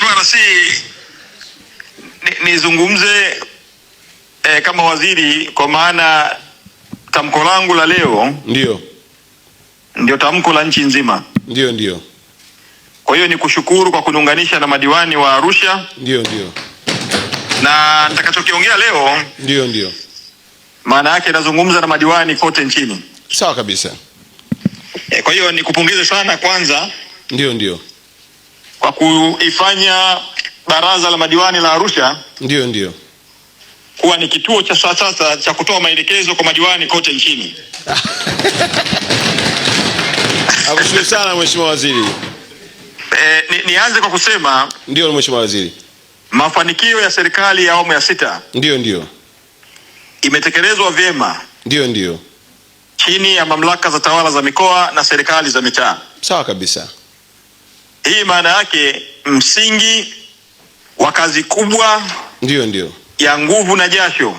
Mheshimiwa rasi nizungumze ni eh, kama waziri kwa maana tamko langu la leo ndio ndio tamko la nchi nzima. Ndio, ndio. Kwa hiyo ni kushukuru kwa kuniunganisha na madiwani wa Arusha. Ndio, ndio. Na nitakachokiongea leo ndio, ndio. Maana yake nazungumza na madiwani kote nchini. Sawa kabisa. Eh, kwa hiyo nikupongeze sana kwanza. Ndio, ndio kwa kuifanya baraza la madiwani la Arusha ndio ndio kuwa ni kituo cha sasa cha kutoa maelekezo kwa madiwani kote nchini. Nakushukuru sana Mheshimiwa Waziri. Eh, ni, nianze kwa kusema ndio Mheshimiwa Waziri, mafanikio ya serikali ya awamu ya sita ndio ndio imetekelezwa vyema ndio ndio chini ya mamlaka za tawala za mikoa na serikali za mitaa. Sawa kabisa. Hii maana yake msingi wa kazi kubwa ndio ndio ya nguvu na jasho,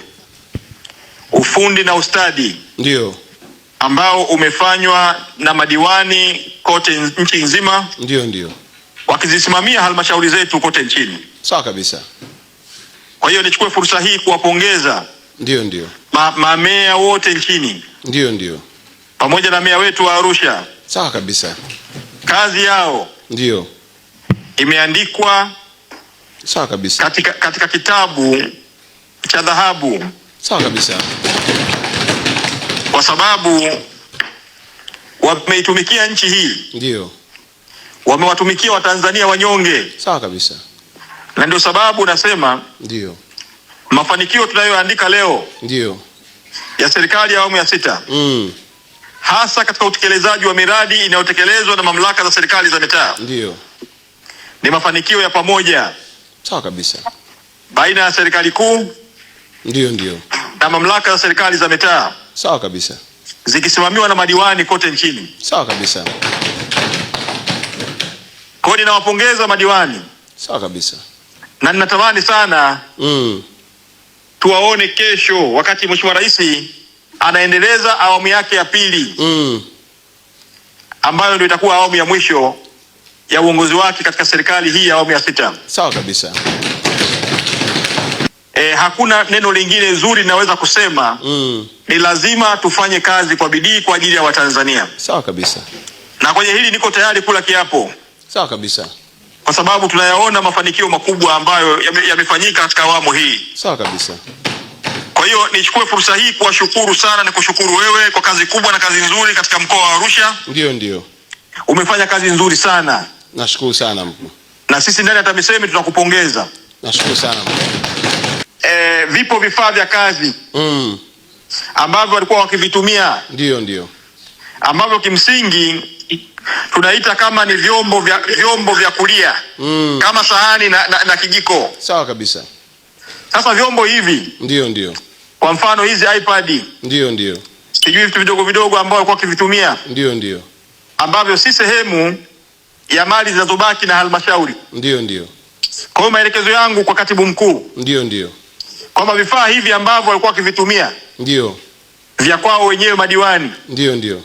ufundi na ustadi ndio ambao umefanywa na madiwani kote nchi nzima, ndio ndio wakizisimamia halmashauri zetu kote nchini. Sawa kabisa. Kwa hiyo nichukue fursa hii kuwapongeza ndio ndio ma mamea wote nchini, ndio ndio pamoja na meya wetu wa Arusha. Sawa kabisa kazi yao ndio imeandikwa sawa kabisa katika, katika kitabu cha dhahabu. Sawa kabisa, kwa sababu wameitumikia nchi hii, ndio wamewatumikia Watanzania wanyonge. Sawa kabisa, na ndio sababu nasema ndio mafanikio tunayoandika leo ndio ya serikali ya awamu ya sita mm hasa katika utekelezaji wa miradi inayotekelezwa na mamlaka za serikali za mitaa. Ndio. Ni mafanikio ya pamoja. Sawa kabisa. Baina ya serikali kuu ndio ndio na mamlaka za serikali za mitaa. Sawa kabisa. Zikisimamiwa na madiwani kote nchini. Sawa kabisa. Kwa hiyo ninawapongeza madiwani. Sawa kabisa. Na ninatamani sana mm. tuwaone kesho wakati Mheshimiwa Rais anaendeleza awamu yake ya pili mm. ambayo ndio itakuwa awamu ya mwisho ya uongozi wake katika serikali hii ya awamu ya sita. Sawa kabisa. E, hakuna neno lingine zuri naweza kusema mm. ni lazima tufanye kazi kwa bidii kwa ajili ya Watanzania. Sawa kabisa. Na kwenye hili niko tayari kula kiapo. Sawa kabisa. Kwa sababu tunayaona mafanikio makubwa ambayo yamefanyika katika awamu hii. Sawa kabisa. Kwa hiyo nichukue fursa hii kuwashukuru sana, ni kushukuru wewe kwa kazi kubwa na kazi nzuri katika mkoa wa Arusha. Ndio, ndio, umefanya kazi nzuri sana, nashukuru sana mkuu, na sisi ndani ya TAMISEMI tunakupongeza. Nashukuru sana mkuu. E, vipo vifaa vya kazi mm, ambavyo walikuwa wakivitumia, ndio, ndio, ambavyo kimsingi tunaita kama ni vyombo vya, vyombo vya kulia mm, kama sahani na, na, na kijiko. Sawa kabisa. Sasa vyombo hivi ndio, ndio kwa mfano hizi iPad, ndio ndio, sijui vitu vidogo vidogo ambao walikuwa wakivitumia, ndio ndio, ambavyo si sehemu ya mali zinazobaki na halmashauri, ndio ndio. Kwa hiyo maelekezo yangu kwa katibu mkuu, ndio ndio, kwamba vifaa hivi ambavyo walikuwa wakivitumia, ndio vya kwao wenyewe madiwani, ndio ndio,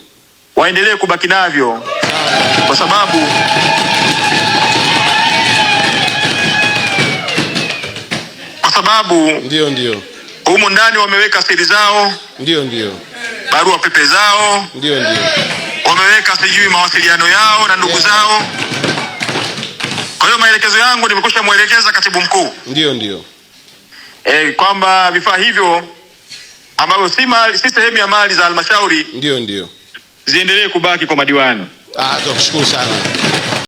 waendelee kubaki navyo kwa sababu kwa sababu ndio ndio Humu ndani wameweka siri zao, ndio ndio, barua pepe zao, ndio ndio, wameweka sijui mawasiliano yao na ndugu zao. Kwa hiyo maelekezo yangu nimekusha mwelekeza katibu mkuu, ndio ndio, eh, kwamba vifaa hivyo ambavyo si mali, si sehemu ya mali za halmashauri, ndio ndio, ziendelee kubaki kwa madiwani. Ah, tukushukuru sana.